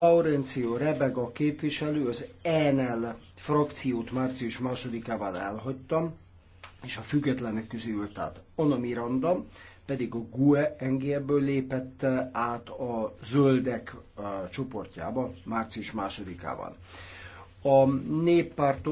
Laurencio Rebega képviselő az ENL frakciót március másodikával elhagytam, és a függetlenek közül ült át. Ona Miranda pedig a GUE engélből lépett át a zöldek csoportjába március másodikával. A néppártól